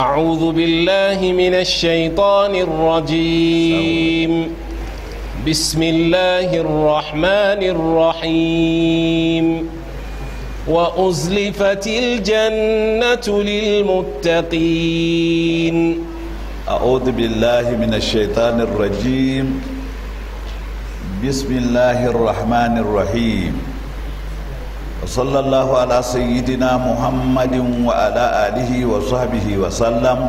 أعوذ بالله من الشيطان الرجيم بسم الله الرحمن الرحيم وأزلفت الجنة للمتقين أعوذ بالله من الشيطان الرجيم بسم الله الرحمن الرحيم وصلى الله على سيدنا محمد وعلى آله وصحبه وسلم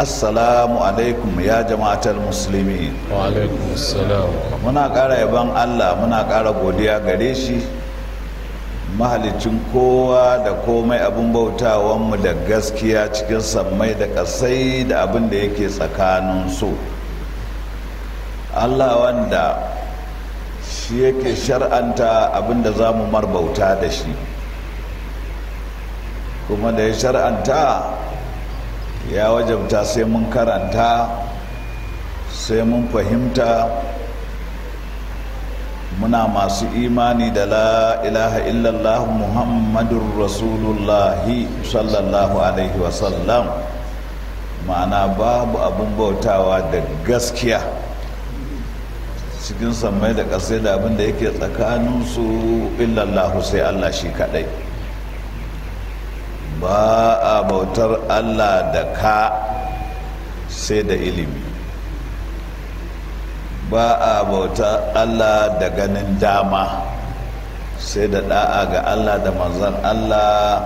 السلام عليكم يا جماعة المسلمين وعليكم السلام منا يبان الله منا godiya gare shi mahalicin kowa da komai abin bautawanmu da gaskiya cikin sammai da kasai da abin da yake tsakanin su Allah wanda shi yake shar'anta abinda za mu marbauta da shi kuma da ya shar'anta ya wajabta sai mun karanta sai mun fahimta muna masu imani da la ilaha illallah muhammadun rasulullahi sallallahu alaihi wasallam ma'ana babu abin bautawa da gaskiya cikin sammai da ƙasai da abin da yake tsakaninsu illallahu sai allah shi kaɗai ba a bautar allah da ka sai da ilimi ba a bautar allah da ganin dama sai da ɗa'a ga allah da manzan allah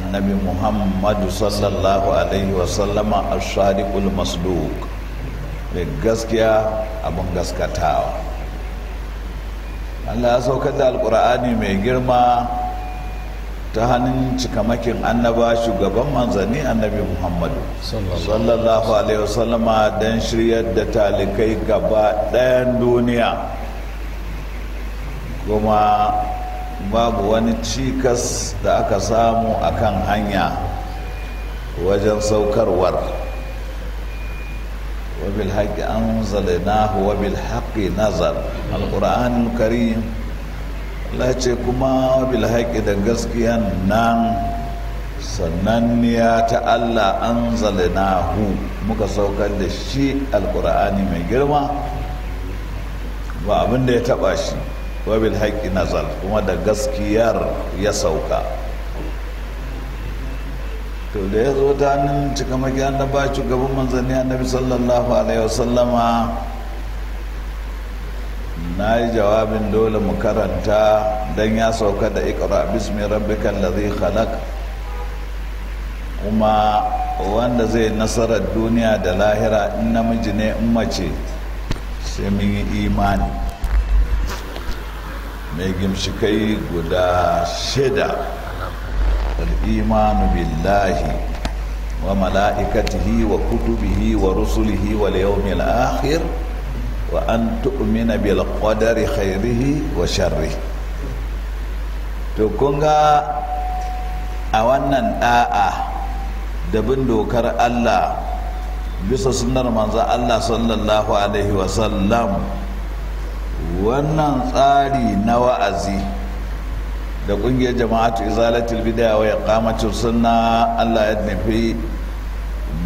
annabi muhammadu sallallahu alaihi wasallama a shari'ul masduk mai gaskiya abin gaskatawa allah ya saukar da alkur'ani mai girma ta hannun cikamakin annaba shugaban manzanni annabi muhammadu sallallahu alaihi wasallama don shiryar da talikai gaba ɗayan duniya kuma babu wani cikas da aka samu akan hanya wajen saukarwar وبالحق أنزلناه وبالحق نزل القرآن الكريم لا كما وبالحق دنجسكيا نان sannan ta Allah an nahu. muka saukar da shi alkur'ani mai girma ba abin da ya taba shi wabil haƙƙi nazar kuma da gaskiyar ya sauka to da ya zo ta hannun ba annaba gaban manzanni annabi sallallahu alaihi wasallama na yi jawabin dole mu karanta don ya sauka da ikra bismi rabbikal ladhi khalaq kuma wanda zai nasarar duniya da lahira in namiji ne in mace sai mun yi imani mai gimshikai guda shida al'imanu billahi wa mala'ikatihi wa kutubihi wa rusulihi wa yawmil akhir wa an tu'mina bil qadari wa sharri to kunga a wannan da'a da bin dokar Allah bisa sunnar manzon Allah sallallahu alaihi wa sallam wannan tsari na wa'azi da kungiyar jama'atu izalatul bidaya wa iqamatus sunna Allah ya nufi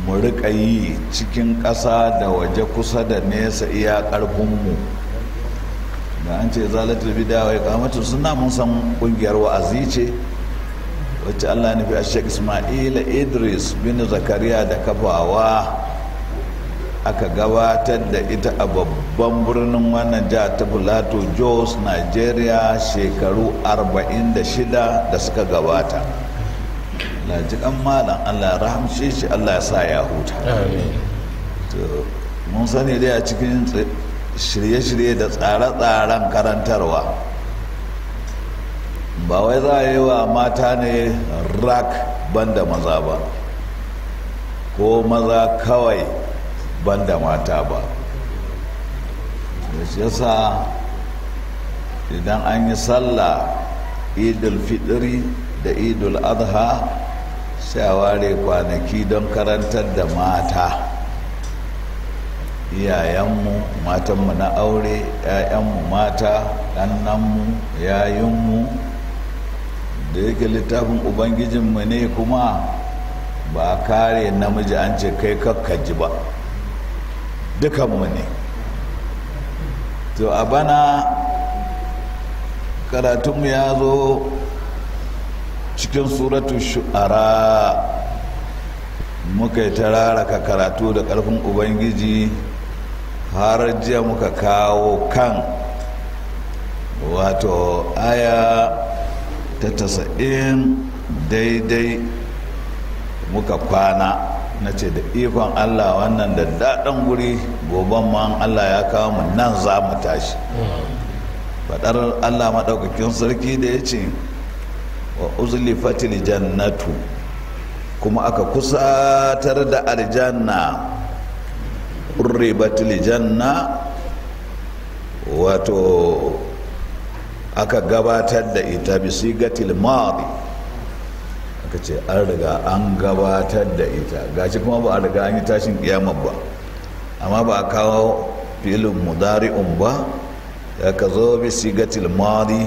mu rika yi cikin ƙasa da waje kusa da nesa iya ƙarfin mu da an ce izalatul bidaya wa iqamatus sunna mun san kungiyar wa'azi ce wacce Allah ya nufi a Sheikh Ismail Idris bin Zakariya da kafawa aka gabatar da ita a babban birnin wannan jihar ta plateau jos nigeria shekaru 46 da suka gabata lajikan malam allah rahamshe shi allah sa ya huta mun sani dai a cikin shirye-shirye da tsare-tsaren karantarwa ba wai za a yi wa mata ne rak banda maza ba ko maza kawai ban da mata ba da shi yasa idan an yi sallah idul fitiri da idul adha sai a ware kwanaki don karantar da mata iyayenmu matanmu na aure 'ya'yanmu mata ɗannanmu yayinmu da yake littafin ubangijinmu ne kuma ba kare namiji an ce kai kakkaji ba dukanmu ne to a bana karatunmu ya zo cikin suratu shu'ara muka yi tararaka karatu da ƙarfin ubangiji har jiya muka kawo kan wato aya ta tasa'in daidai muka kwana na ce da ikon allah wannan da daɗin guri goban ma allah ya kawo mu nan za mu tashi faɗar allah maɗaukakin sarki da ya ce wa uzlifatil jannatu kuma aka kusatar da aljanna urribatil janna wato aka gabatar da ita bisigatil maɗi Ka ce an riga an gabatar da ita gashi kuma ba a riga an yi tashin kiyamar ba amma ba a kawo filin mudari'un ba ya ka zo bi sigatil madi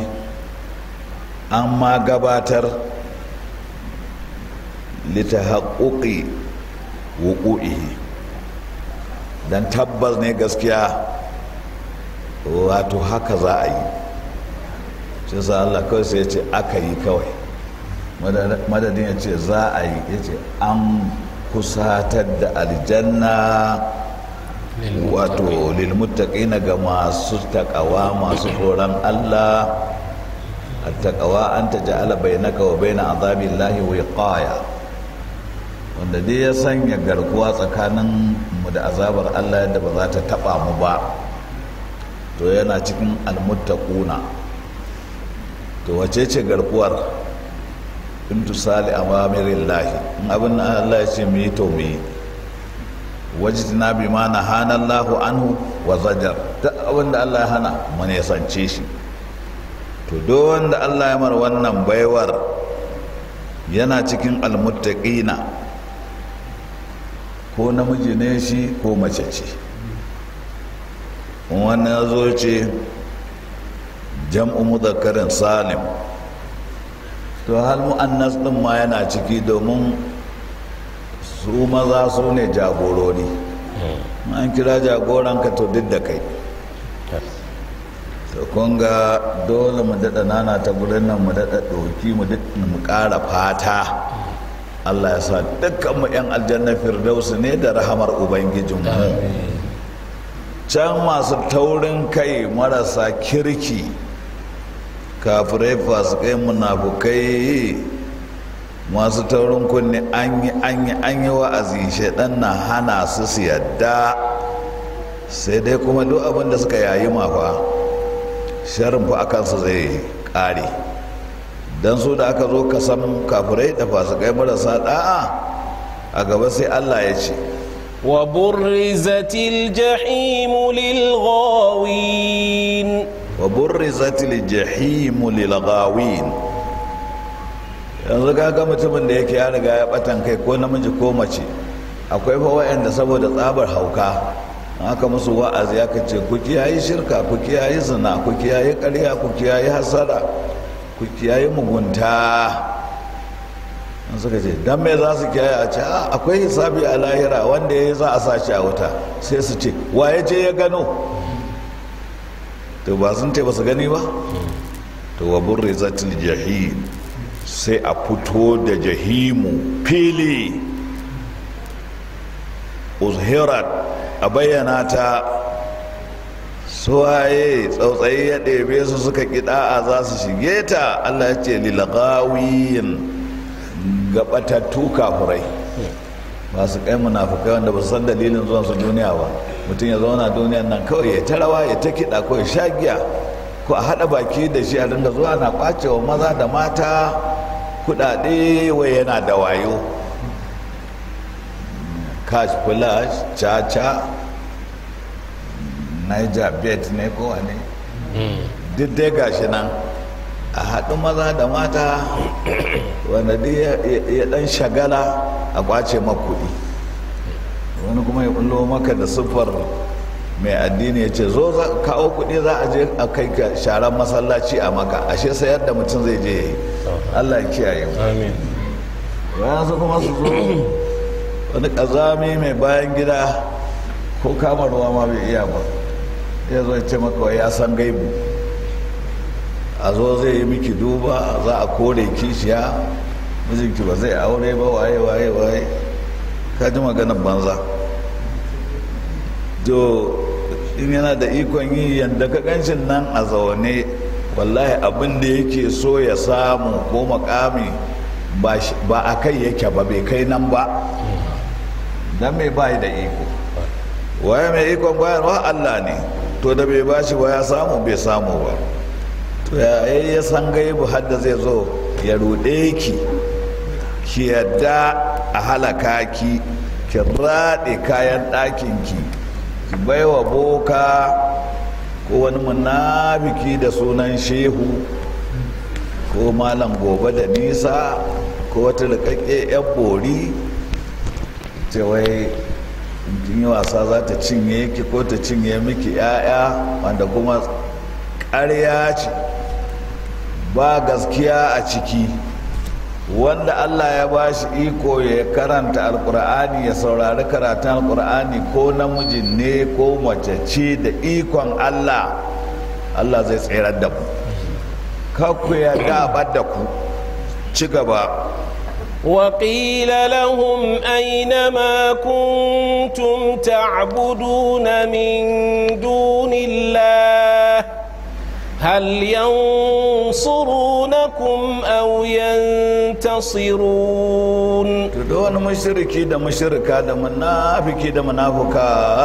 an ma gabatar lita haƙuƙi don tabbas ne gaskiya wato haka za a yi shi sa Allah kawai sai ce aka yi kawai madadin ya ce za a yi ya ce an kusatar da aljanna wato na ga masu taƙawa masu horon allah a taƙawa an ta ja'ala bainaka wa baina azabin lahi wiqaya wanda dai ya sanya garkuwa tsakanin mu da azabar allah yadda ba za ta taɓa mu ba to yana cikin almuttaƙuna to wace ce garkuwar imtisali awamirin lahi abin da Allah ya ce mu yi to mu yi wajidna bi ma na hana Allahu anhu wa zajar ta abin da Allah ya hana mu ya sance shi to do wanda Allah ya mar wannan baiwar yana cikin almuttaqina ko namiji ne shi ko mace ce wannan ya zo ce jam'u mudhakkarin salim to hal mu'annas din ma yana ciki domin su maza su ne jagorori hmm. an kira jagoranka to duk da kai to kun ga dole mu daɗa nana ta gurin nan mu daɗa ɗauki mu mu ƙara fata Allah ya sa dukkanmu 'yan aljanna firdausu ne da rahamar mu. can masu taurin kai marasa kirki kafirai fasikai munafukai masu taurin kunne an yi an yi an yi wa'azi shaidan na hana su su yadda sai dai kuma duk abin da suka yayi mafa sharin fa akan su zai kare don su da aka zo ka san kafirai da fasikai marasa da'a a gaba sai allah ya ce وبرزت الجحيم للغاوين wa burrizat al yanzu kaga mutumin da yake ya riga ya batan kai ko namiji ko mace akwai fa wayanda saboda tsabar hauka haka musu wa'azi ya kace ku kiyaye shirka ku kiyaye zina ku kiyaye ƙarya ku kiyaye hasara ku kiyaye mugunta an suka ce don me za su kiyaye a ce ah, akwai hisabi a lahira wanda ya za a sa shi a wuta sai su ce waye je ya gano to ba sun ce ba su gani ba to wa burri zatil jahim sai a fito da jahimu fili uzhirat a bayyana ta suwaye tsautsayi ya ɗebe su suka kiɗa a za su shige ta allah ce lilagawiyin gabatattu kafurai ba su kai munafukai wanda ba su san dalilin zuwan su duniya ba mutum ya zauna duniyan nan kawai ya ta ya ta kiɗa ko ya sha giya ko a haɗa baki da shi a dinga zuwa na kwacewa maza da mata kuɗaɗe wai yana da wayo cash flash caca niger bet ne kowane duk dai gashi nan a haɗu maza da mata wanda ya ɗan shagala a kwace makuɗi kuma ya bullo maka da siffar mai addini ya ce zo kawo kuɗi za a je a kai ka sharan masallaci a maka ashe sayar da mutum zai je yi allah kiyaye mu bayan su kuma su zo wani ƙazami mai bayan gida ko kama ruwa ma bai iya ba ya zo ce maka ya san gaibu a zo zai yi miki duba za a kore kishiya mijinki ba zai aure ba waye waye waye ka ji maganar banza to in yana da ikon yi yadda ka ganshin nan a zaune wallahi abin da yake so ya samu ko makami ba a kai yake ba bai kai nan ba don mai bayi da iko waye mai ikon wa? allah ne to da bai bashi ba ya samu bai samu ba to ya san gaibu hadda zai zo ya rude ki ki yadda a halaka ki ki raɗe kayan ɗakin ki Ki baiwa boka ko wani munafiki da sunan shehu ko malam gobe da nisa ko wata rikakke yan bori cewai yi wasa za ta cinye ki ko ta cinye miki 'ya'ya wanda kuma ƙarya ce ba gaskiya a ciki wanda allah ya ba shi iko ya karanta alkur'ani ya saurari karatun alkur'ani ko namiji ne ko mace ce da ikon allah allah zai tsirar da ku kakku ya dabar da ku ci gaba وقيل لهم أين ما كنتم تعبدون من دون الله هل ينصرونكم أو ينتصرون تدون مشركي دا مشركا دا منافكي دا منافكا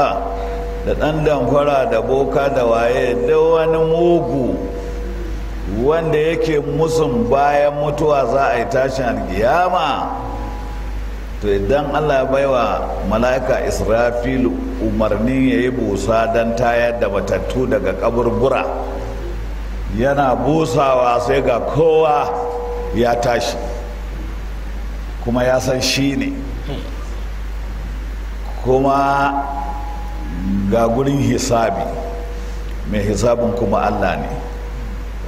da ɗan damfara da boka da waye da wani mugu wanda yake musun bayan mutuwa za a yi tashin alkiyama to idan allah ya baiwa mala'ika israfil umarnin ya yi busa don tayar da matattu daga kaburbura yana busawa sai ga kowa ya tashi kuma ya san shi ne kuma ga gurin hisabi mai hisabin kuma allah ne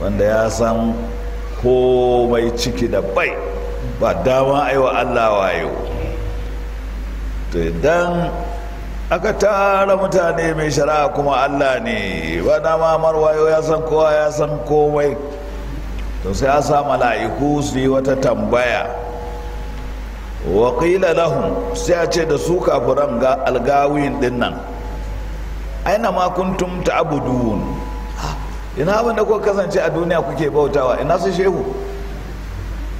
wanda ya san komai ciki da bai ba dama aiwa allah wayo to idan aka tara mutane mai shari'a kuma allah ne ba dama marwayo ya san kowa ya san komai to sai a sa mala'iku su yi wata tambaya waƙila lahun sai a ce da su kafuran ga algawin din nan aina ma kuntum ta abudun ina abin da kuka kasance a duniya kuke bautawa ina su shehu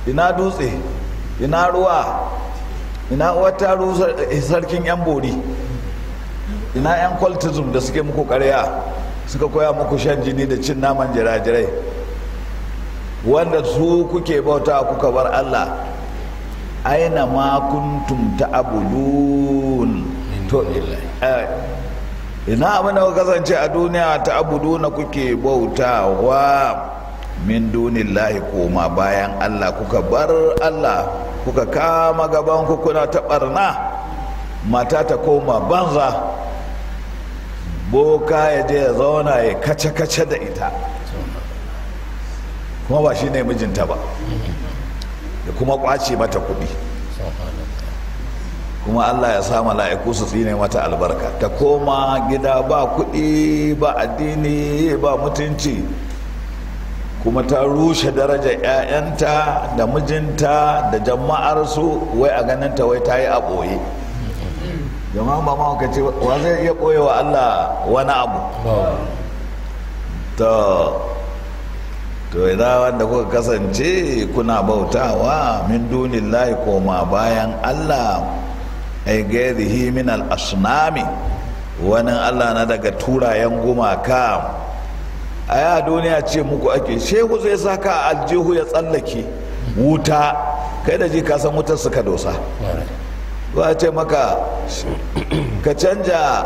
ina dutse ina ruwa ina wata sarkin yan bori ina yan cultism da suke muku karya suka koya muku shan jini da cin naman jirajirai wanda su kuke bauta kuka bar allah aina ma kuntum abudun to eh, ina abin da ku kasance a duniya ta na kuke bautawa min dunillahi koma bayan allah kuka bar allah kuka kama gaban ku kuna ta barna mata ta koma banza boka ya je ya zauna ya kace-kace da ita kuma ba shi ne mijinta ba da kuma kwace mata kuɗi kuma allah ya sa mala'iku su tsine mata albarka ta koma gida ba kuɗi ba addini ba mutunci kuma ta rushe daraja 'ya'yanta da mijinta da jama'arsu wai a ganin ta wai ta yi a ɓoye jama'a ba ma ka wa zai iya koya wa Allah wani abu to to idan wanda kuka kasance kuna bautawa min dunillahi koma bayan Allah ai gairihi min al wani Allah na daga turayen gumaka a ya duniya ce muku ake shehu zai saka aljihu ya tsallake wuta kai da ji kasan wutar suka dosa za a ce maka ka canja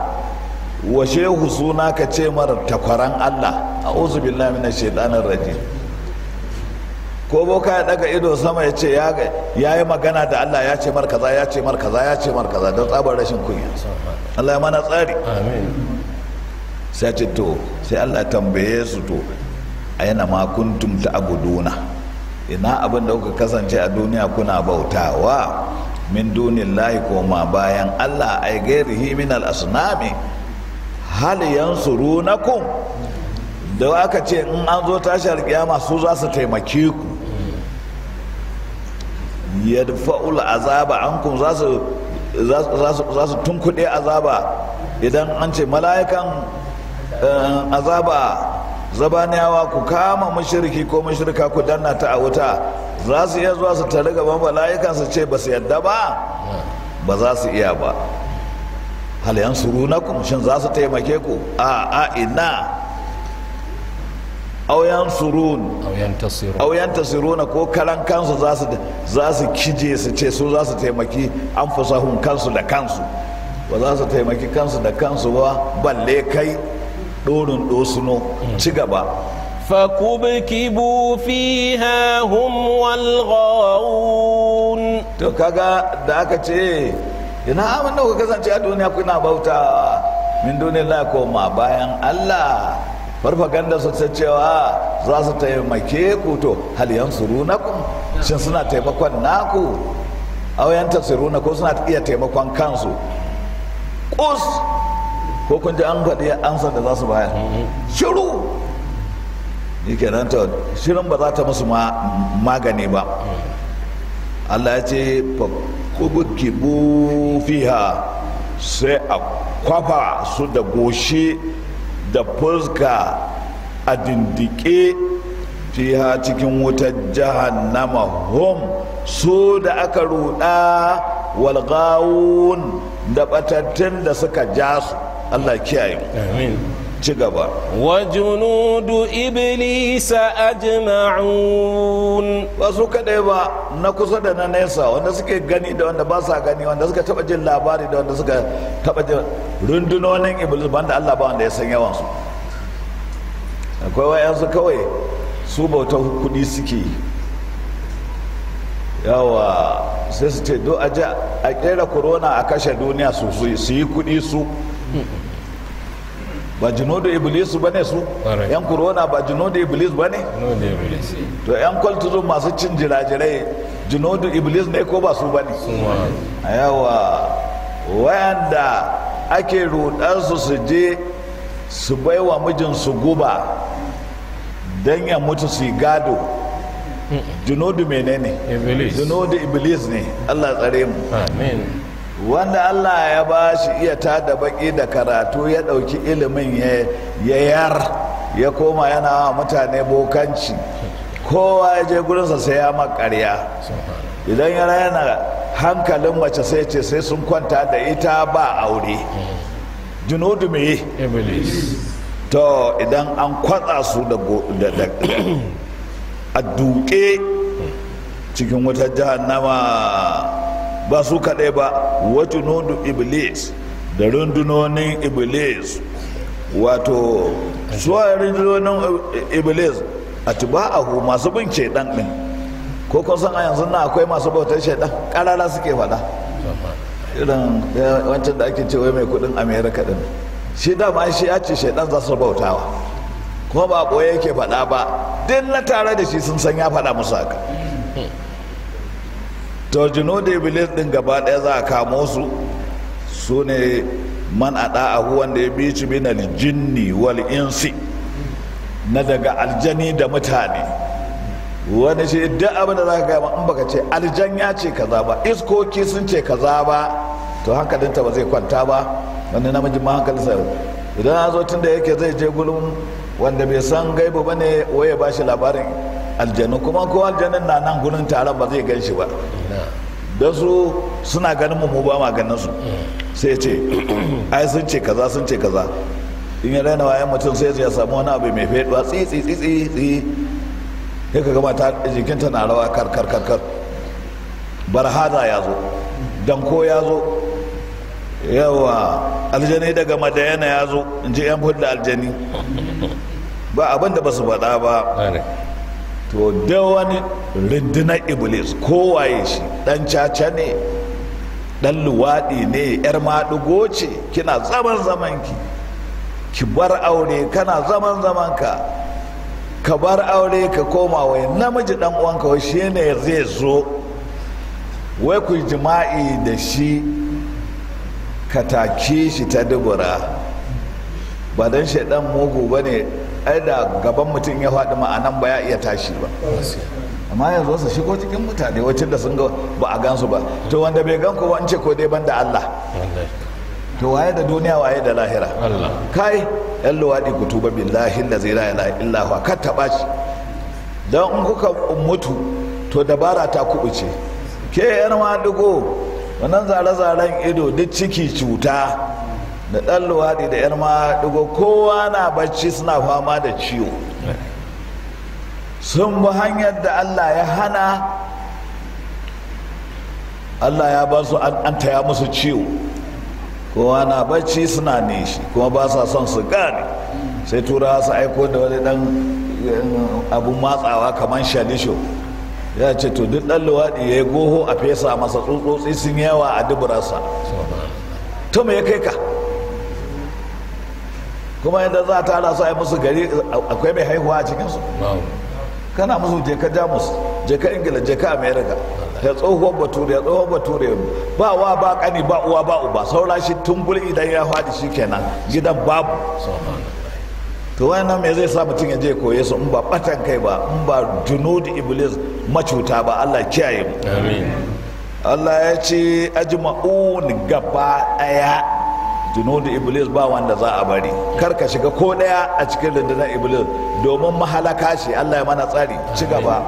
wa shehu suna ka ce mara takwaran allah a uzu billahi mina shaidanin raji ko boka ya daga ido sama ya ce ya yi magana da allah ya ce mar kaza ya ce mar kaza ya ce mar kaza don tsabar rashin kunya allah ya mana tsari sai ce to sai allah tambaye su to a yana makuntum ta abuduna ina abin da kuka kasance a duniya kuna bautawa min ko ma bayan Allah ay ghairihi min al-asnami hal runaku. da aka ce in an zo tashar kiyama su za su taimake ku fa'ul azaba an za su za su tunkuɗe azaba idan an ce mala'ikan eh, azaba zabaniyawa ku kama mashirki ko mashirka ku danna ta a wuta za su iya zuwa su tare gaban bala'ikan su ce ba su yadda ba ba za su iya ba halayen surunakum shin za su taimake ku a a ina auyan surun auyan tasiruna ko kalan kansu za su kije su ce su za su taimaki an fasahun kansu da kansu ba za su taimaki kansu da kansu ba balle kai dorin dosuno ci gaba فكبكبوا فيها هم to kaga da aka ce ina da kuka kasance a duniya kuna bauta min duniya ko koma bayan Allah farfaganda su ta cewa za su taimake ku to runa ku. shin suna taimakon naku A aw yantasiruna ko suna iya taimakon kansu ƙus ko kun ji an faɗi ansa da za su bayar shiru ni kenan ta shirin ba za ta musu magani ba Allah ya ce kubukibu fiha sai a kwafa su da goshi da fuska a dindike fiha cikin wutar jahannama hum su da aka ruɗa walgawun da batattun da suka ja su Allah kiyaye amin ci gaba wa junudu iblis ajma'un ba su kaɗai ba na kusa da na nesa wanda suke gani da wanda ba sa gani wanda suka taba jin labari da wanda suka taba jin rundunonin iblis banda Allah ba wanda ya san yawan su akwai wayansu kawai su bautar kuɗi suke yawa sai su ce do a a kera corona a kashe duniya su yi kudi su ba jinodo iblis ba ne su yan corona ba jinodo iblis ba ne to yan kwaltuzo masu cin jirajirai jinodo iblis ne ko ba su ba ne a yawa wayanda ake rudansu su je su bai wa mijinsu guba don ya mutu su yi gado jinodo menene jinodo iblis ne allah tsare mu amin wanda allah ya ba shi iya ta da baki da karatu ya ɗauki ilimin ya yar ya koma yana wa mutane bokanci kowa ya je gurinsa sai ya makarya idan ya yana hankalin mace sai ce sai sun kwanta da ita ba aure junudu me to idan an kwatsa su da a duke cikin wata jahannama ba su kaɗai ba wajen nudu iblis da rundunonin iblis wato suwa rundunonin iblis a ba tuba'ahu masu bin shaidan ɗin ko kusan a yanzu na akwai masu bautar shaidan ƙarara suke faɗa irin eh, wancan da ake cewa mai kudin amerika din shi dama shi ya ce shaidan za su bautawa kuma ba ɓoye yake faɗa ba duk na tare da shi sun san ya faɗa musu haka tarjino da iblis din gaba daya za a kamo su su ne man a da'ahu wanda ya bici bin aljinni wal insi na daga aljani da mutane wani shi duk abin da za ka gama in baka ce aljan ya ce kaza ba iskoki sun ce kaza ba to hankalinta ba zai kwanta ba wani namiji ma hankalinsa idan a zo tun da yake zai je gulun wanda bai san gaibu ba ne waye ba shi labarin aljanu kuma ko aljanu na nan gurin taron ba zai gan shi ba da su suna ganin mu ba ma ganin su sai ce ai sun ce kaza sun ce kaza in ya raina wayan mutum sai ya samu wani abu mai faɗuwa tsi tsi tsi tsi tsi ya ka gama jikinta na rawa kar kar kar kar barhada ya zo danko ya zo yawa aljani daga madayana ya zo in ji yan fudda aljani ba abin da ba su faɗa ba to da wani rundunar iblis kowaye shi dan caca ne dan luwaɗi ne yar maɗugo ce kina zaman zamanki ki bar aure kana zaman zamanka ka bar aure ka koma wai namiji dan uwanka wai shi ne zai zo wai ku jima'i da shi ka take shi ta dubura ba don shaidan mugu ba ai da gaban mutum ya faɗi ma'anan ba ya iya tashi ba amma yanzu su shigo cikin mutane wacce da sun ga ba a gansu ba to wanda bai gan kowa ce ko dai banda Allah to waye da duniya waye da lahira kai yan luwaɗi ku tuba billahi allazi la Zira, illa illahu kar ta baci dan in kuka mutu to dabara ta kubuce ke yan ma wannan zare-zaren ido duk ciki cuta da ɗan luwaɗi da yar ma ɗigo kowa na bacci suna fama da ciwo sun bi hanyar da allah ya hana allah ya ba su an taya musu ciwo kowa na bacci suna nishi kuma ba sa son su gane sai tura su aiko da wani ɗan abun matsawa kamar shalisho ya ce to duk ɗan luwaɗi ya yi goho a fesa masa tsutsotsi sun yawa a duburarsa to ya kai ka kuma yadda za ta rasu a yi musu gari akwai mai haihuwa a cikinsu kana musu je ka jamus je ka ingila je ka america da tsohuwar bature ya tsohuwar bature ba wa ba kani ba uwa ba uba saura shi tumbul idan ya fadi shi kenan gidan babu to wannan me zai sa mutum ya je koye su in ba batan kai ba in ba junudi iblis macuta ba allah kiyaye mu allah ya ce ajma'un gaba ɗaya junudu iblis ba wanda za a bari kar ka shiga ko daya a cikin rundunar iblis domin mahalaka shi Allah ya mana tsari ci gaba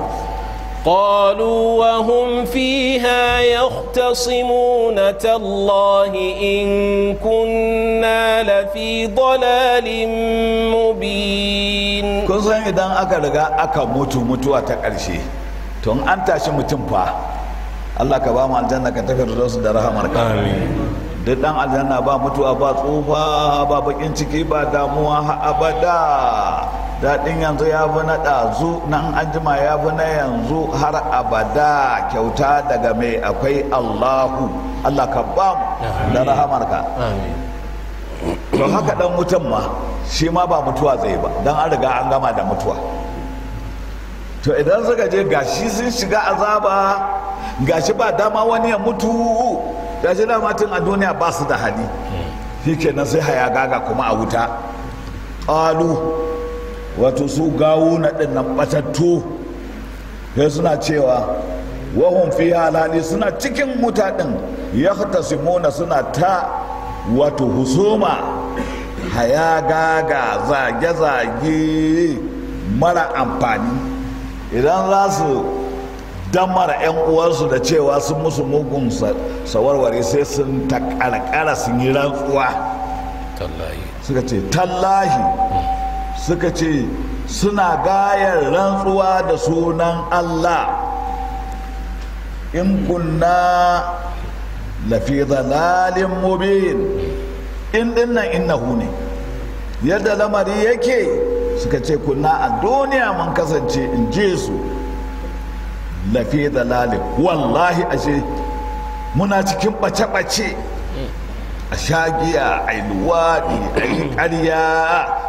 قالوا وهم فيها يختصمون تالله إن كنا لفي ضلال مبين kun san idan aka riga aka mutu mutuwa ta ƙarshe to an tashi mutum fa Allah ka ba mu aljanna ka tafi da rahmar ka amin da dan aljanna ba mutuwa ba tsufa ba bakin ciki ba damuwa ha abada daɗin yanzu ya fi na ɗazu nan anjima ya fi na yanzu har abada kyauta daga mai akwai allahu allah ka ba mu da rahamarka to haka dan mutum ma shi ma ba mutuwa zai ba dan an riga an gama da mutuwa to idan suka je gashi sun shiga azaba gashi ba dama wani ya mutu ya dama tun a duniya ba su da hali shi kenan sai haya gaga kuma a wuta ƙalu wato su gawo na ɗin nan ɓatattu sai suna cewa wahun fi halali suna cikin ɗin ya simona suna ta wato husuma haya gaga zage-zage mara amfani idan za su damar 'yan uwansu da cewa sun musu mugun sawarware sai sun takarkara sun yi rantsuwa suka ce tallahi suka ce suna gayar rantsuwa da sunan allah in kunna lafi zalalin mubin in dinnan innahu ne yadda lamari yake suka ce kunna a duniya mun kasance in je su da dalalin wallahi ashe muna cikin ɓace-ɓace a shagiya a yi luwaɗi a yi ƙarya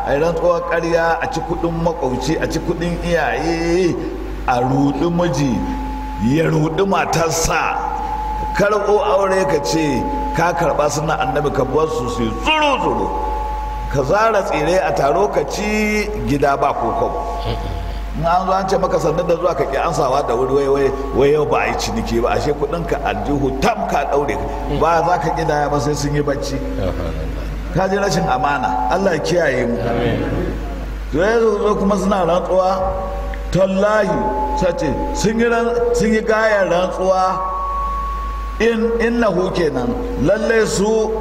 a yi rantsuwar ƙarya a ci kuɗin makwauci a ci kuɗin iyaye a ruɗi miji ya ruɗi matarsa karɓo aure ka ce ka karɓa suna annabi ka bar su su zuru zuru ka zara tsire a taro ka ci gida ba ko in an zo an ce maka sannan da zuwa ka ki ansawa da wuri wai wai yau ba a yi ciniki ba ashe kudin ka aljihu tam ka daure ba za ka ƙi daya ba sai sun yi bacci ka ji rashin amana Allah kiyaye mu to ya zo kuma suna rantsuwa tallahi sace sun yi sun rantsuwa in innahu kenan lalle su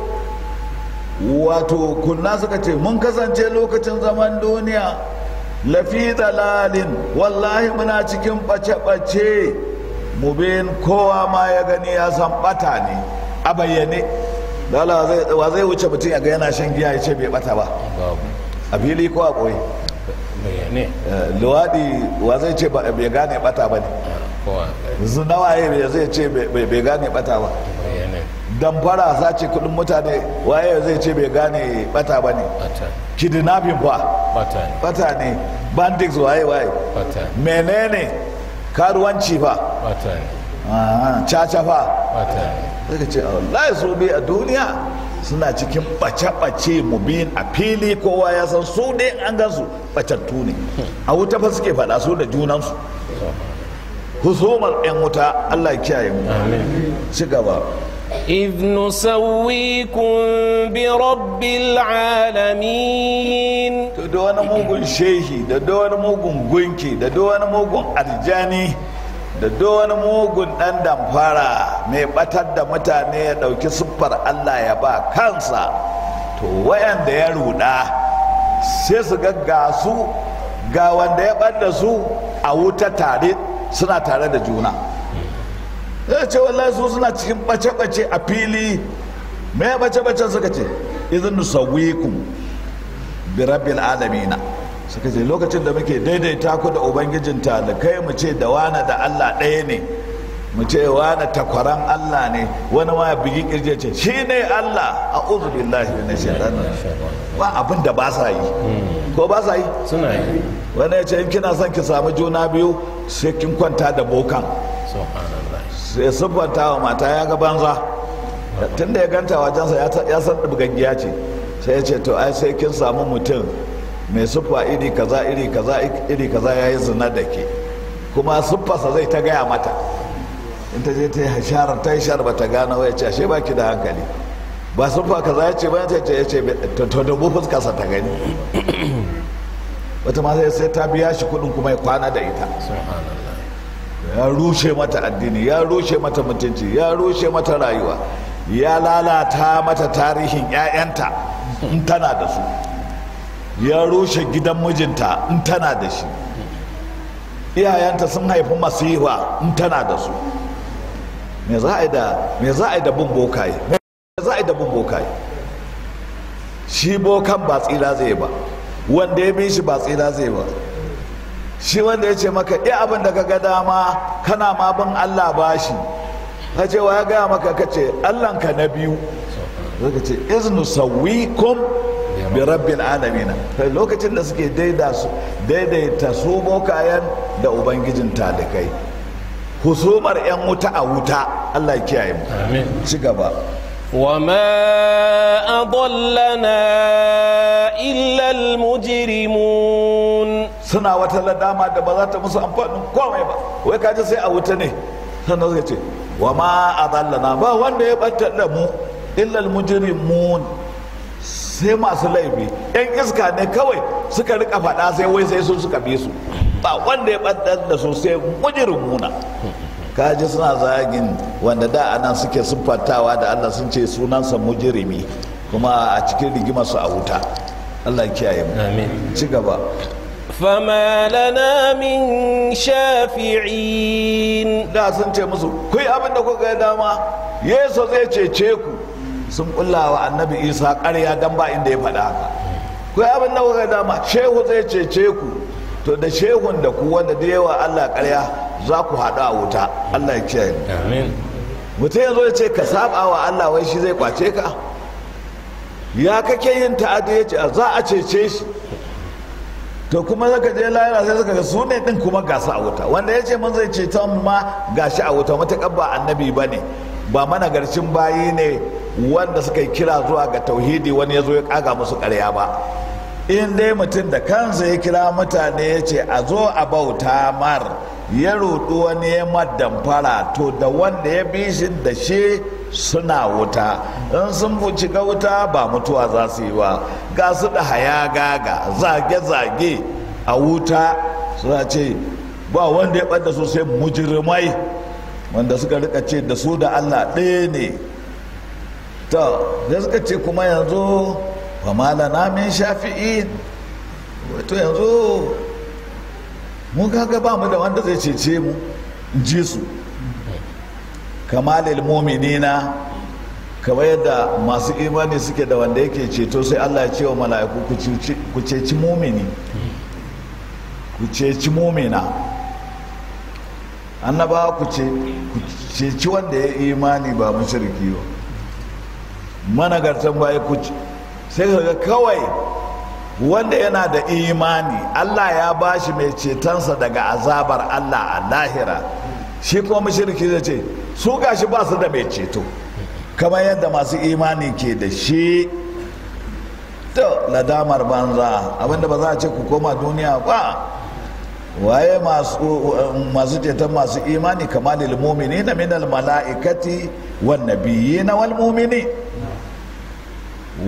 wato kunna suka ce mun kasance lokacin zaman duniya lafi dalalin wallahi muna cikin ɓace-ɓace mubin kowa ma ya gani ya san ɓata ne a bayyane wa zai wuce mutum ya ga yana shan giya ya ce bai ɓata ba a fili ko a ƙoyi eh, Luwadi wa zai ce bai gane ɓata ba ne zinawa ya zai ce bai gane ɓata ba damfara ce kudin mutane waye zai ce bai gane bata ba ne kidnapping fa bata ne bandits waye waye menene karuwanci fa caca fa suka ce wallahi su bi a duniya suna cikin bace-bace mubin a fili kowa ya san su dai an gansu bacantu ne a wuta fa suke faɗa su da junansu husumar 'yan wuta allah kiyaye mu ci gaba إذ نسويكم برب العالمين دون موغن شيخي دون موغن غنكي دون موغن أرجاني da wani mugun ɗan damfara mai ɓatar da mutane ya ɗauki siffar Allah ya ba kansa to wayanda ya ruɗa sai su ga su ga wanda ya ɓarda su a wuta tare suna tare da juna sai ce wallahi su suna cikin bace-bace a fili mai bace-bace suka ce izin nusawikum bi rabbil alamina suka ce lokacin da muke daidaita ku da ubangijin kai mu ce da wana da allah ɗaya ne mu ce wana takwaran allah ne wani ma bigi kirje ce shi ne allah a uzubillahi min shaitanir ba abin da ba sa yi hmm. ko ba sa yi suna yi wani ya ce in kina son ki samu juna biyu sai kin kwanta da bokan sai siffanta wa mata ya ga banza tun da ya ganta wajensa ya san bugaggiya ce sai ya ce to ai sai kin samu mutum mai siffa iri kaza iri kaza iri kaza ya yi zina da ke kuma siffarsa zai ta gaya mata in ta je ta yi hasharar ta yi shar ba ta gano ya ce ashe baki da hankali ba siffa kaza ya ce ba ya ce ya ce ta dubu fuskarsa ta gani wata ma sai ta biya shi kuɗin kuma ya kwana da ita ya rushe mata addini ya rushe mata mutunci ya rushe mata rayuwa ya lalata mata tarihin 'ya'yanta in tana da su ya rushe gidan mijinta in tana da shi iyayenta sun haifi masifa in tana da su me za a yi da bin bokaye me za a yi da bin bokaye shi bokan ba tsira zai ba wanda ya bi shi ba tsira zai ba shi wanda ya ce maka iya abin da ga dama kana ma bin Allah bashi ka ce wa ya gaya maka ka ce Allah ka na biyu zaka ce iznu sawwikum bi rabbil alamin lokacin da suke daidaita su bokayen da ubangijin talikai husumar yan wuta a wuta Allah ya kiyaye mu ci gaba وما na illal المجرمون suna wata ladama da ba za ta musu amfanin komai ba wai kaji sai a wuta ne sannan zai ce wa ma a zallana ba wanda ya ɓatar da mu illal mu sai masu laifi yan iska ne kawai suka rika faɗa sai wai sai su suka bi su ba wanda ya ɓatar da su sai mujrimuna kaji suna zagin wanda da anan suke siffantawa da Allah sun ce sunansa mujirimi kuma a cikin rigimarsu a wuta Allah ya kiyaye mu ci gaba fama lana min shafi'in da sun ce musu kai abin da kuka dama yesu zai cece ku sun kulla wa annabi isa ƙarya dan ba inda ya faɗa haka kai abin da kuka dama shehu zai cece ku to da shehun da ku wanda da yawa allah ƙarya za ku haɗu a wuta allah ya kiyaye amin mutum ya ya ce ka saba wa allah wai shi zai kwace ka ya kake yin ta'adi ya ce za a cece shi to kuma zaka je lahira sai zaka ga su ne din kuma ga su a wuta wanda ya ce mun zai ce ta ma gashi a wuta matakan ba annabi ba ne ba managarcin bayi ne wanda suka kira zuwa ga tauhidi wani ya zo ya kaga musu karya ba in dai mutum da kansa ya kira mutane ya ce a zo a bauta mar ya rudu wani ya fara to da wanda ya bishin da shi suna wuta in sun ga wuta ba mutuwa za su yi ba ga su da gaga zage-zage a wuta suna ce ba wanda ya ɓadda su sai mujirmai wanda suka rika ce da su da allah ɗaya ne ta da suka ce kuma yanzu ma da min shafi'i wato yanzu mun kaga ba mu da wanda zai cece mu jisu kamalil muminina kamar yadda masu imani suke da wanda yake ceto sai allah ya ce wa mala'iku ku ceci mumini ku ceci mumina annaba ku ceci wanda ya imani ba mashirki ba managartan baya ku sai ga kawai wanda yana da imani allah ya bashi mai cetonsa daga azabar allah a lahira shi kuma mashirki zai ce su gashi ba su da mai ceto kamar yadda masu imani ke da shi to nadamar banza abinda ba za a ce ku koma duniya ba waye masu ceton masu imani kamalil mumini na minal mala'ikati wan nabiyyi na wal mumini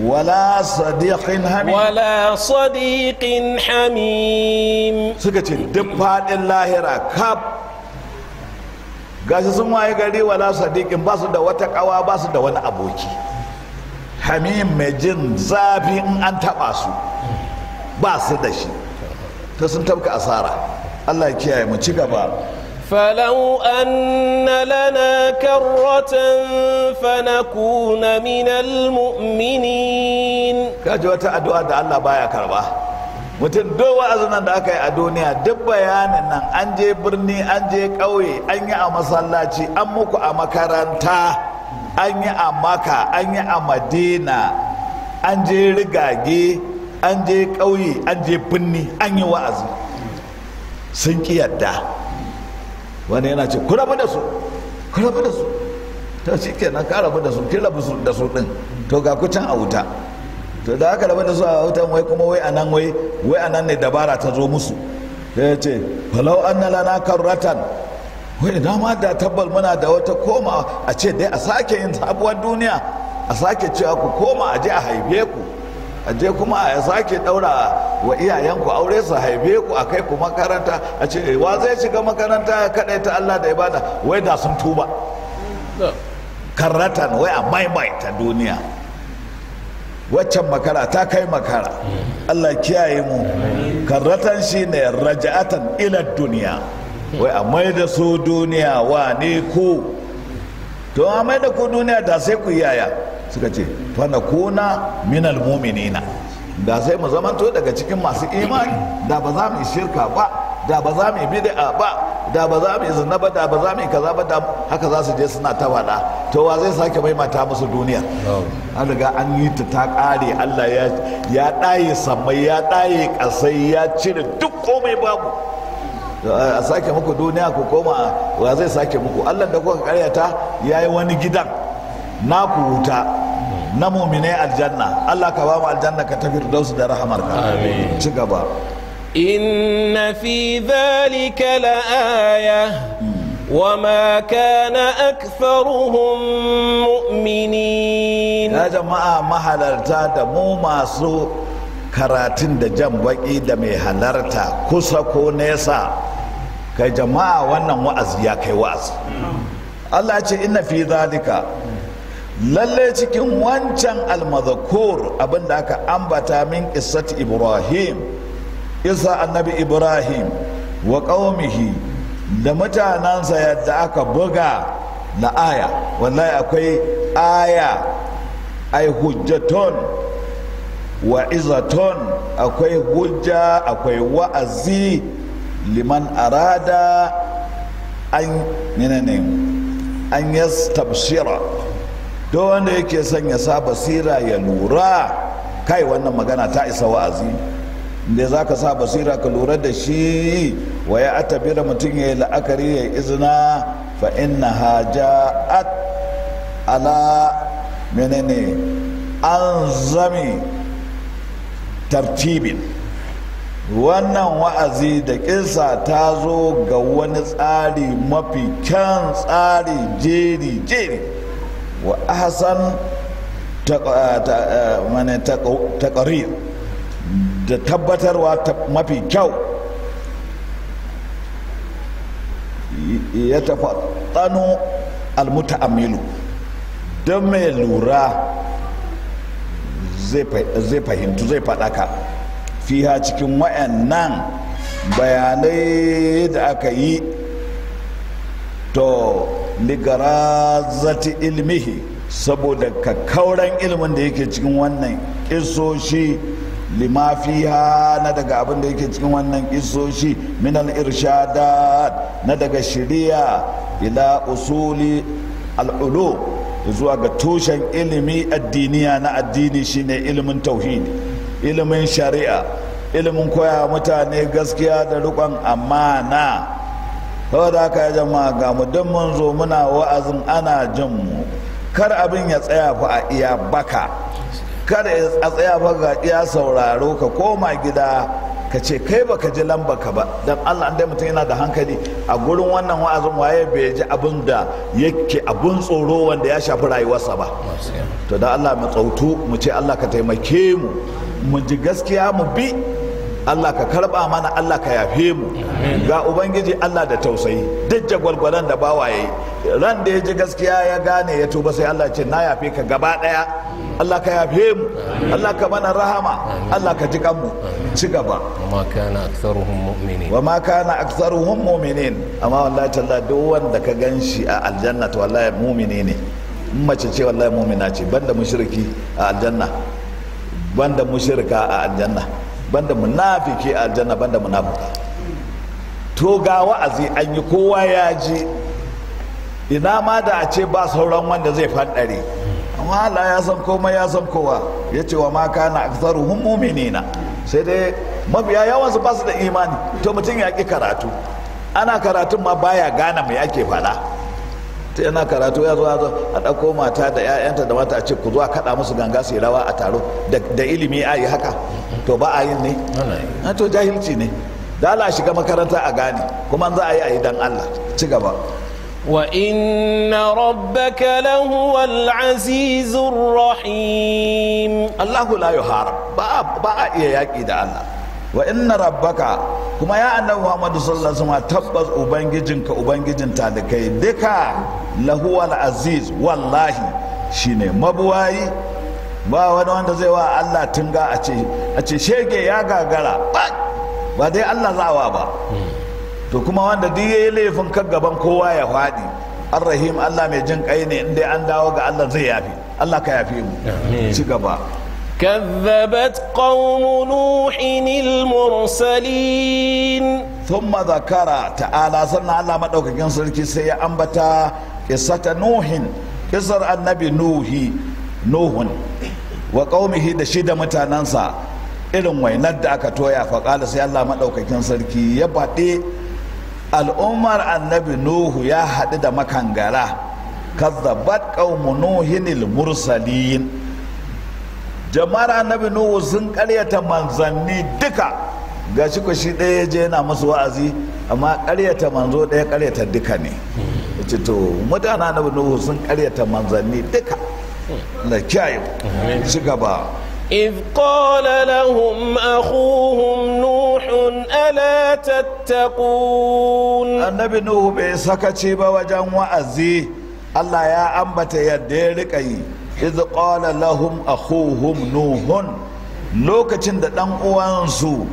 wala sadiqin hamim wala sadiqin hamim suka ce duk faɗin lahira kaf gashi sun waye gari wala sadiqin ba su da wata kawa ba su da wani aboki hamim mai jin zafi in an taba su ba su da shi ta sun tabka asara Allah ya kiyaye mu ci gaba فلو أن لنا كرة فنكون من المؤمنين كاجوة da الله بايا كربا mutum do wa'azin nan da aka yi a duniya duk bayanin nan an je birni an je ƙauye an yi a masallaci an muku a makaranta an yi a maka an yi a madina an je rigage an je ƙauye an je birni an yi wa'azi sun ki yadda wani yana ce ku rabu da su ku rabu da su ta shi kenan ka rabu da su ki rabu da su ɗin to ga ku can a wuta to da aka labar da su a wutan wai kuma wai anan wai wai anan ne dabara ta zo musu da ya ce falau an na lana karratan wai na ma da tabbal muna da wata koma a ce dai a sake yin sabuwar duniya a sake cewa ku koma a je a haife ku a je kuma a sake daura wa iyayenku aure su haife ku a kai ku makaranta a ce wa zai shiga makaranta ya kaɗai ta Allah da ibada wai da sun tuba karratan wai a maimaita duniya waccan makara ta kai makara allah kiyaye mu karratan shi ne raja'atan ila duniya wai a mai da su duniya wa ne ku to a mai da ku duniya da sai ku yaya suka ce fana kuna minal muminina da sai mu zamanto daga cikin masu imani da ba za mu shirka ba da ba za mu yi bid'a ba da ba za mu yi zina ba da ba za mu yi kaza ba da haka za su je suna ta faɗa to wa zai sake maimata musu duniya an riga an yi ta ta ƙare Allah ya ɗaye samai ya ɗaye ƙasai ya cire duk komai babu a sake muku duniya ku koma wa zai sake muku Allah da kuka karyata ya yi wani gidan na ku wuta na muminai aljanna Allah ka ba mu aljanna ka tafi da rahamarka amin ci gaba إن في ذلك لآية وما كان أكثرهم مؤمنين يا جماعة ما حلرتا مو ماسو karatun da jan baki da mai halarta kusa ko nesa kai jama'a wannan wa'azi ya kai wa'azi Allah ce inna fi zalika lalle cikin wancan abin da aka ambata min qissati ibrahim isa annabi ibrahim wa ƙaumihi da mutanensa yadda aka buga na aya wannan akwai aya ai hujjaton wa izaton akwai hujja akwai wa'azi liman arada an an tabshira don wanda yake son ya sa basira ya lura kai wannan magana ta isa wa'azi da za ka sa basira ka lura da shi wa ya atabira mutum ya yi la'akari ya izina fa inna haja ala menene an zami tartibin wannan wa'azi da kinsa ta zo ga wani tsari mafi kyan tsari jeri jeri wa ta taqrir da tabbatarwa mafi kyau ya tafa tsano almuta'amilu don mai lura zai fahimtu zai faɗaka fiha cikin wayannan bayanai da aka yi to zati ilmihi saboda kakkauran ilimin da yake cikin wannan ƙisoshi lima fiha na daga abin da yake cikin wannan isoshi minal irshadat na daga shiriya ila usuli al'ulu zuwa ga tushen ilimi addiniya na addini shine ilimin tauhidi ilimin shari'a ilimin koya mutane gaskiya da rikon amana saboda haka ya jama'a ga mu don mun zo muna wa'azin ana jin mu kar abin ya tsaya fa a iya baka kada a tsaya ga iya sauraro ka koma gida ka ce kai ba ka ji lamba ka ba Dan allah an dai mutum yana da hankali a gurin wannan wa'azin waye bai ji abin da yake abun tsoro wanda ya shafi rayuwarsa ba to da allah mu tsautu mu ce allah ka taimake mu mu ji gaskiya mu bi Allah ka karba mana Allah ka yafe mu ga ubangiji Allah da tausayi duk jagwalgwalan da bawa yayi ran da ya ji gaskiya ya gane ya tuba sai Allah ce na yafe ka gaba daya Allah ka yafe mu Allah ka mana rahama Allah ka ji mu ci gaba wa ma kana aktharuhum mu'minin wa ma kana mu'minin amma wallahi talla duk wanda ka ganshi a aljanna to wallahi mu'mini ne mace ce wallahi mu'mina ce banda mushriki a aljanna banda mushrika a aljanna banda munafiki a aljanna banda munafiki to ga wa'azi an yi kowa ya ji ina ma da a ce ba sauran wanda zai faɗare amma Allah ya san komai ya san kowa ya ce wa na na aktharuhum mu'minina sai dai mafiya yawan su ba su da imani to mutum ya ki karatu ana karatun ma baya gane mai ake fada ta yana karatu ya zo zo a ɗauko mata da 'ya'yanta da mata a ce ku zuwa kaɗa musu ganga su yi rawa a taro da ilimi a yi haka to ba a yin ne to jahilci ne da ala shiga makaranta a gane kuma za a yi a yi dan allah ci gaba وإن ربك لهو العزيز الرحيم الله لا يهارب باب باب يا الله وإن ربك كما يا أن محمد صلى الله عليه وسلم تبص أبنجين كأبنجين تادكي دكا لهو العزيز والله شيني مبواي ba wani wanda zai wa Allah tunga a ce shege ya gagara ba dai Allah zawa ba to kuma wanda duk ya yi laifin kan gaban kowa ya haɗi an rahim allah mai jin kai ne inda an dawo ga allah zai yafi allah ka yafi mu ci gaba kazzabat qawmu nuhin ilmursalin thumma zakara ta'ala sannan allah maɗaukakin sarki sai ya ambata kisata nuhin kisar annabi nuhi nuhun wa qawmihi da shi da mutanansa irin wainar da aka toya fa qala sai allah maɗaukakin sarki ya baɗe. al'ummar annabi nuhu ya haɗu da makangara kazzabat qaumu nuhinil mursalin jama'ar annabi nuhu sun karyata manzanni duka ga shi kushi ɗaya je yana musu wa'azi amma karyata manzo ɗaya ƙaryata duka ne ce to mutanen annabi nuhu sun karyata manzanni duka na kiyaye shi gaba إذ قال Nuhu أخوهم نوح ألا تتقون النبي نوح بسكتي بوجن وأزي الله يا أنبت يديرك أي إذ قال لهم أخوهم نوح lokacin da ɗan uwansu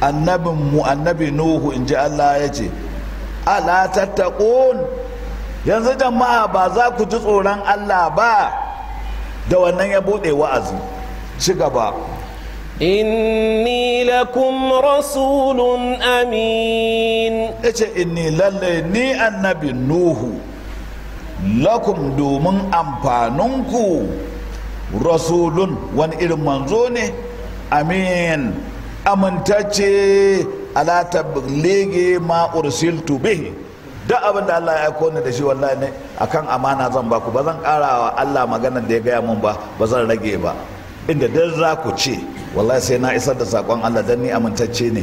annabinmu annabi nuhu in ji allah ya ce ala tattaqun yanzu jama'a ba za ku ji tsoron allah ba da wannan ya buɗe wa'azi ci gaba inni lakum rasulun amin yace inni lalle ni annabi nuhu lakum domin amfaninku rasulun wani irin manzo ne amin amintacce ala tabligi ma ursiltu bihi da abin da Allah ya aiko ni da shi wallahi ne akan amana zan baku ba zan karawa Allah maganar da ya gaya mun ba ba zan rage ba inda dan za ku ce wallahi sai na isar da sakon Allah dan ni amintacce ne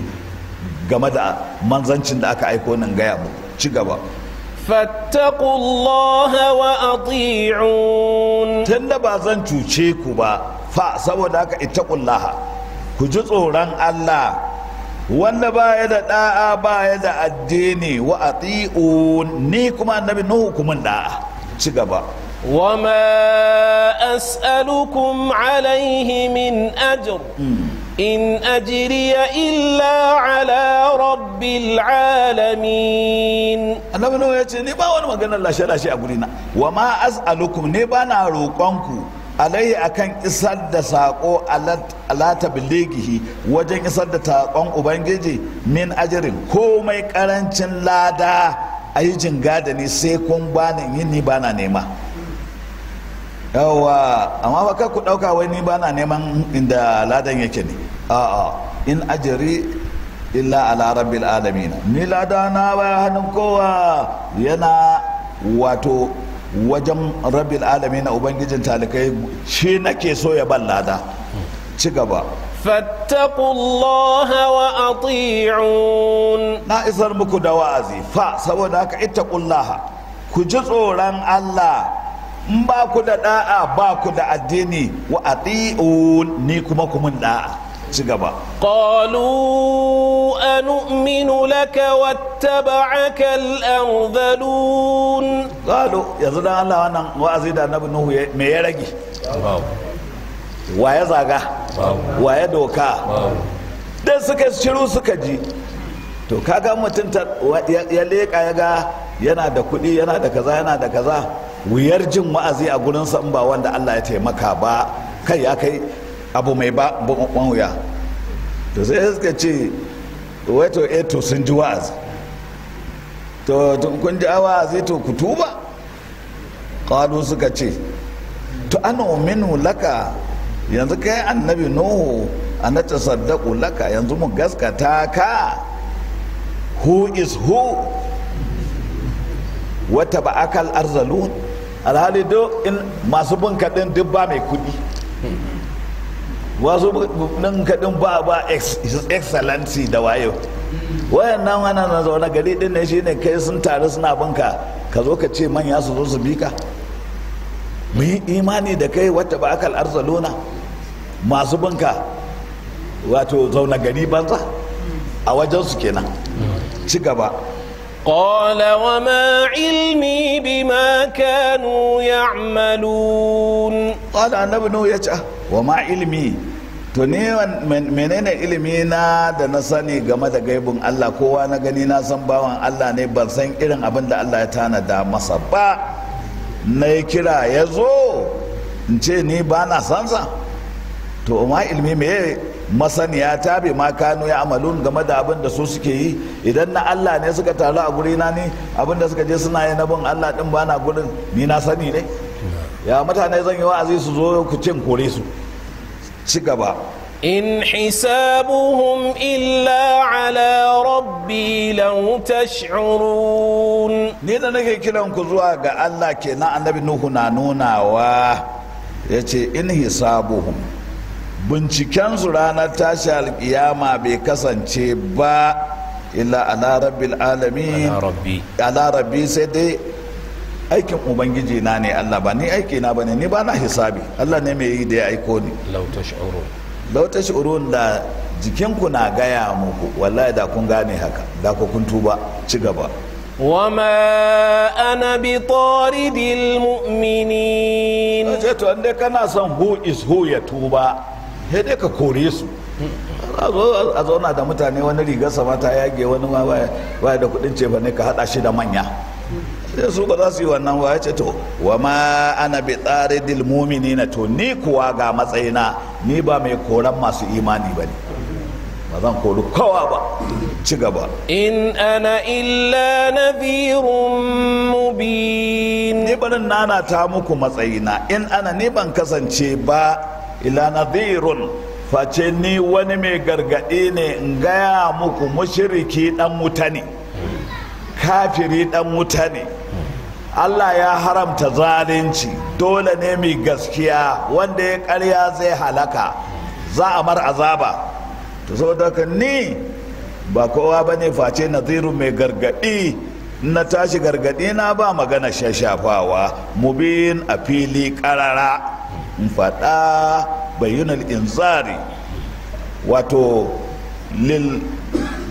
game da manzancin da aka aiko nan gaya mu ci gaba fattaqullaha wa ati'un da ba zan cuce ku ba fa saboda haka ittaqullaha ku ji tsoron Allah wanda baya da da'a baya da addini wa ati'un ni kuma annabi nuhu kuma da'a ci gaba وما أسألكم عليه من أجر hmm. إن أجري إلا على رب العالمين Allah mun yace ni ba wani magana lashe lashe a gurina wa as'alukum ne bana na roƙonku alai akan isar da sako alata biligihi wajen isar da takon ubangiji min ajirin komai ƙarancin lada a jinga da ni sai kun bani yini bana nema yawa amma ba ku ɗauka wai ni ba na neman inda ladan yake ne a'a in ajiri illa ala rabbil alamin ni ladana ba hannun kowa yana wato wajen rabbil alamin ubangijin talikai shi nake so ya ban lada ci gaba فاتقوا الله وأطيعون da إسر مكو دوازي فا ita ذاك اتقوا الله كجزء الله in ba ku da da'a ba ku da addini wa ati'un ni kuma kumin da'a ci gaba qalu anu'minu laka wattaba'aka al-ardhalun qalu yanzu dan Allah wannan wa'azi da annabi Nuhu me ya rage wa ya zaga wa ya doka dan suka shiru suka ji to kaga mutunta ya leka ya ga yana da kuɗi yana da kaza yana da kaza wuyar jin wa'azi a gurin san ba wanda Allah ya taimaka ba kai ya kai abu mai ba ban wuya to sai suka ce wato eh to sun ji wa'azi to kun ji wa'azi to ku tuba qalu suka ce to ana uminu laka yanzu kai annabi nuhu ana tasaddaqu laka yanzu mu gaskata ka who is who wata ba akal arzalun alhali do in masu bin kaɗin duk ba mai kuɗi wasu bin kaɗin ba ba excellency da wayo wayan nan wani na zaune gari ɗin ne shine kai sun taru suna binka ka zo ka ce manya su zo su bika. mu yi imani da kai wata ba akal arzaluna masu binka wato zaune gari banza a wajen su kenan ci gaba قال وما علمي بما كانوا يعملون قال النبي نو يتا وما علمي to ne menene ilimi na da na sani game da gaibin Allah kowa na gani na san bawan Allah ne ban san irin abin da Allah ya tanada masa ba na yi kira ya zo in ce ni ba na sansa to ma ilimi me masaniya ta bi ma kanu ya amalun game da abin da su suke yi idan na Allah ne suka taru a guri na ni abin da suka je suna yi na bin Allah din bana na gurin ni na sani ne ya mutane zan yi wa'azi su zo ku cin kore su ci gaba in hisabuhum illa ala rabbi law tash'urun ni da nake kiran ku zuwa ga Allah kenan annabi nuhu na nunawa yace in hisabuhum Binciken bincikensu ranar tashi alkiyama bai kasance ba illa ala rabbil alami ala rabbi sai dai aikin ubangiji na ne allah ba ni aiki na ba ne ni ba na hisabi allah ne mai yi da ya aiko ni lauta shi'urun da jikinku na gaya muku wallahi da kun gane haka da kun tuba ci gaba وما أنا بطارد المؤمنين أجيت kana son who is who ya tuba. sai dai ka kore su a zauna da mutane wani rigar sama ta yage wani waya da kudin ce bane ka hada shi da manya sai su ba za su yi wannan waya ce to wa ma ana bi tsari dil na to ni kuwa ga matsayina ni ba mai koran masu imani ba ne ba zan kori kowa ba ci gaba in ana illa nadhirun mubin ni barin nana ta muku matsayina in ana ni ban kasance ba ila nadhirun face ni wani mai gargaɗi ne in gaya muku mushiriki ɗan wuta ne kafiri ɗan wuta ne Allah ya haramta zalunci dole ne mai gaskiya wanda ya karya zai halaka za a mar azaba to saboda ni ba kowa ba ne face naziru mai gargaɗi na tashi gargaɗi na ba magana shashafawa mubin a fili ƙarara faɗa bayyunar inzari wato lil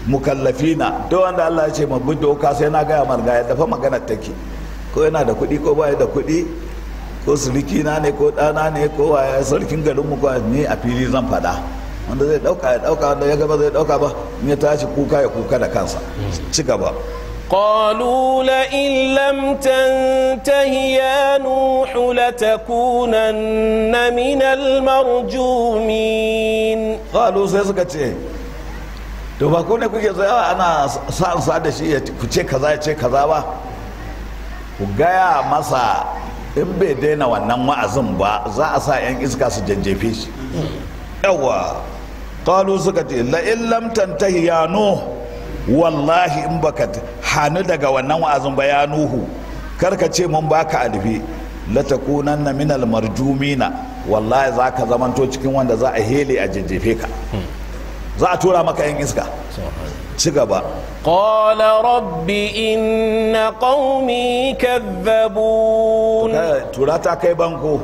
mukallafina Don wanda Allah ya ce mabu doka sai na gaya marga ya dafa maganar take ko yana da kuɗi ko baya da kuɗi ko na ne ko ɗana ne ko waya sarkin garin mu ko ne a fili zan faɗa wanda zai ɗauka ya ɗauka wanda ya gaba zai ɗauka ba in ya tashi kuka ya kuka da kansa ci gaba قالوا لئن لم تنته يا نوح لتكونن من المرجومين قالوا سيسكتي to ba ko ne kuke tsayawa ana sa sa da shi ya ku ce kaza ya ce kaza ba ku gaya masa in bai daina wannan wa'azin ba za a sa 'yan iska su jajjefe shi yawa kalu suka ce la'in lam ya nuh wallahi in baka hannu daga wannan wa'azin ba ya nuhu karka ce mun baka alfi latakunan na minal marjumina wallahi za ka zamanto cikin wanda za a hele a jajjefe ka za a tura maka yan iska ci gaba ƙola rabbi inna qaumi kadhabun tura ta kai banko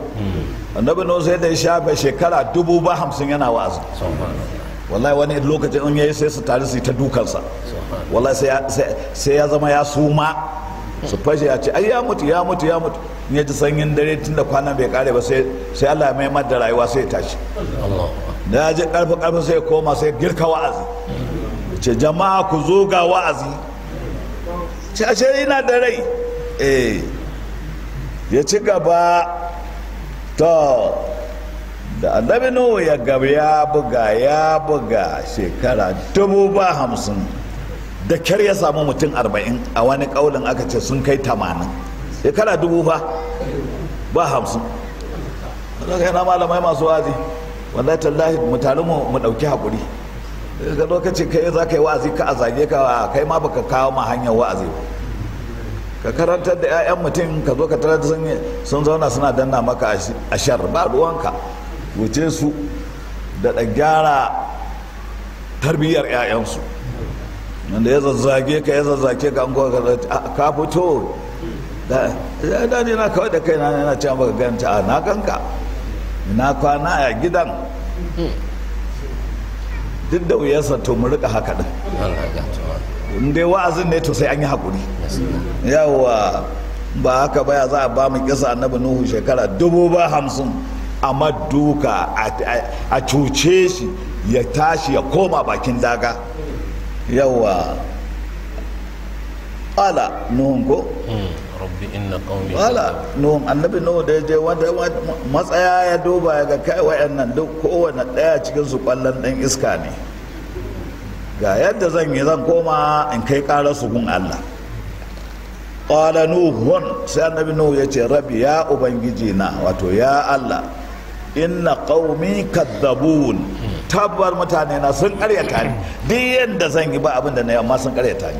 annabi no sai da shafe shekara dubu ba hamsin yana wa'azi wallahi wani lokacin in yayi sai su tare su ta dukansa wallahi sai ya zama ya suma su fashe ya ce ai ya mutu ya mutu ya mutu in ya ji sanyin dare tun da kwanan bai kare ba sai Allah ya maimar da rayuwa sai ya tashi da ya ji karfi karfi sai ya koma sai girka wa'azi ce jama'a ku zo ga wa'azi ce ashe yana da rai eh ya ci gaba to da annabi nuhu ya gaba ya buga ya buga shekara dubu ba hamsin da kyar ya samu mutum arba'in a wani kaulin aka ce sun kai tamanin shekara dubu ba ba hamsin wanda yana malamai masu wazi wanda tallahi mutane mu dauki hakuri. daga lokaci kai za ka yi wa'azi ka a zage ka kai ma baka kawo ma hanyar wa'azi ka karantar da 'ya'yan mutum ka zo ka tarar sun zauna suna danna maka a shar ba ruwanka wuce su da gyara tarbiyyar 'ya'yansu wanda ya zazzage ka ya zazzage ka an kowa ka fito da ya dani na kawai da kai na yana ce maka ganta a na kanka na kwana a gidan duk da wuyarsa to mu rika haka din in dai wa'azin ne to sai an yi hakuri. yawa ba haka ba ya za a ba mu kisa annabi nuhu shekara dubu ba hamsin a maduka a cuce shi ya tashi ya koma bakin daga yawa ala nuhun ko hmm, wala annabi nuhu da je wanda matsaya ya duba ya ga kai wayannan duk kowanne daya cikin su kwallon dan iska ne ga yadda zan yi zan koma in kai kara su gun Allah qala nuhun sai annabi nuhu ya ce rabbi ya ubangiji na wato ya Allah inna kaumi ka zabuun tabbar mutane na sun karya kare din yadda zan yi ba abinda na yamma sun karya ta yi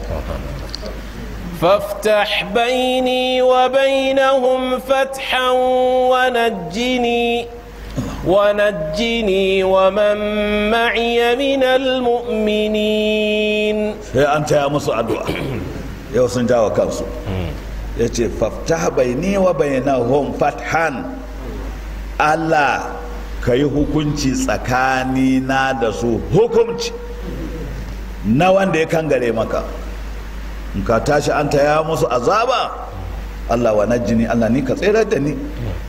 faftah bayani wa bayanahun fatahan wa na jini wa na jini wa an ta musu addu'a yau sun jawo kansu hmm. ya ce faftah bayani allah ka yi hukunci tsakanina da su hukunci na wanda ya kangare maka in ka tashi an ta ya musu azaba Allah wa jini Allah ni ka tsere da ni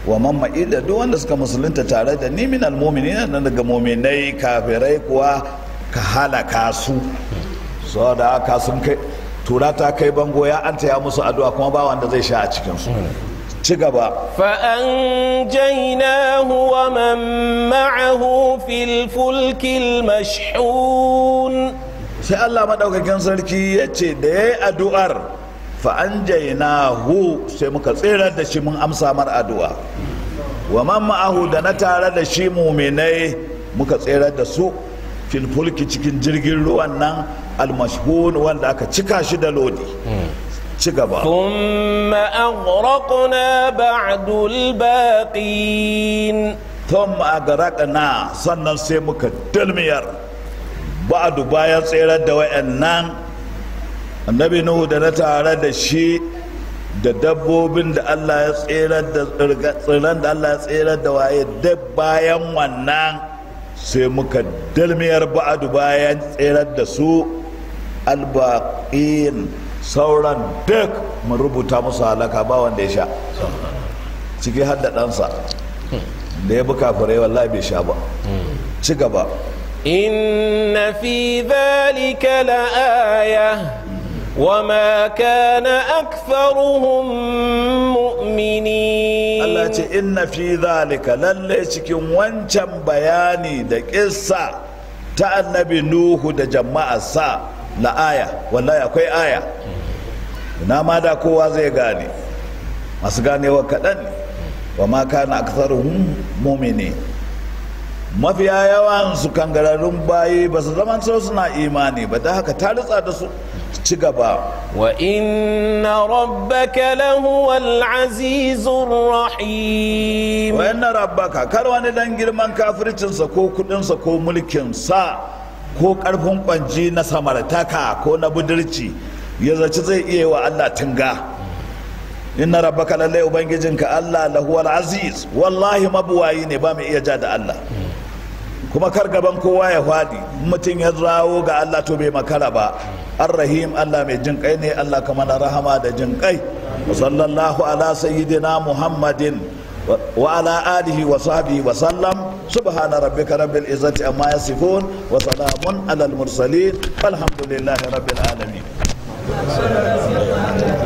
wa mamma ila duk wanda suka musulunta tare da ni min almu'minina nan daga mu'minai kafirai kuwa ka halaka su saboda haka sun kai tura ta kai bango ya anta ya musu addu'a kuma ba wanda zai sha a cikin su ci gaba fa'an ومن معه في الفلك المشحون sai Allah maɗaukakin sarki ya ce da ya yi addu'ar fa'anjainahu sai muka tsirar da shi mun amsa mar addu'a wa man ma'ahu da na tare da shi muminai muka tsirar da su filfulki cikin jirgin ruwan nan almashhun wanda aka cika shi da lodi hmm. ثم أغرقنا بعد الباقين ثم أغرقنا سنن سيمك تلمير بعد بايا سيرا دواء النان النبي نوح دنتا على الشيء da dabbobin da Allah ya tsira da tsiran da Allah ya tsira da waye da bayan wannan sai muka dalmiyar ba'adu bayan tsirar da su albaƙin sauran duk mun rubuta musu halaka ba wanda ya sha ciki har da ɗansa da ya bi kafirai wallahi bai sha ba ci gaba inna fi dhalika la'aya وما كان أكثرهم مؤمنين الله إن في ذلك للي cikin wancan bayani da kissa ta annabi Nuhu da Jama'a la aya wallahi akwai aya na ma da kowa zai gane masu ganewa kaɗan ne wa ma kana aktharuhum mu'mini mafiya yawan su kangararrun bayi ba su zaman suna imani ba ta haka ta ritsa da su ci gaba wa inna rabbaka lahuwal azizur rahim wa inna rabbaka kar wani dan girman kafircinsa ko kudinsa ko mulkin sa ko karfin kwanji na samartaka ko na budurci ya zaci zai iya wa Allah tunga inna rabbaka lallai ubangijinka Allah lahuwal aziz wallahi mabuwayi ne ba mu iya ja da Allah kuma kar gaban kowa ya faɗi mutum ya rawo ga Allah to bai makara ba arrahim Allah mai jin kai ne Allah kama rahama da jin kai sallallahu ala sayyidina muhammadin wa ala alihi wa sahbihi wa sallam subhana rabbika rabbil izzati amma yasifun wa salamun alal mursalin walhamdulillahi rabbil alamin Gracias.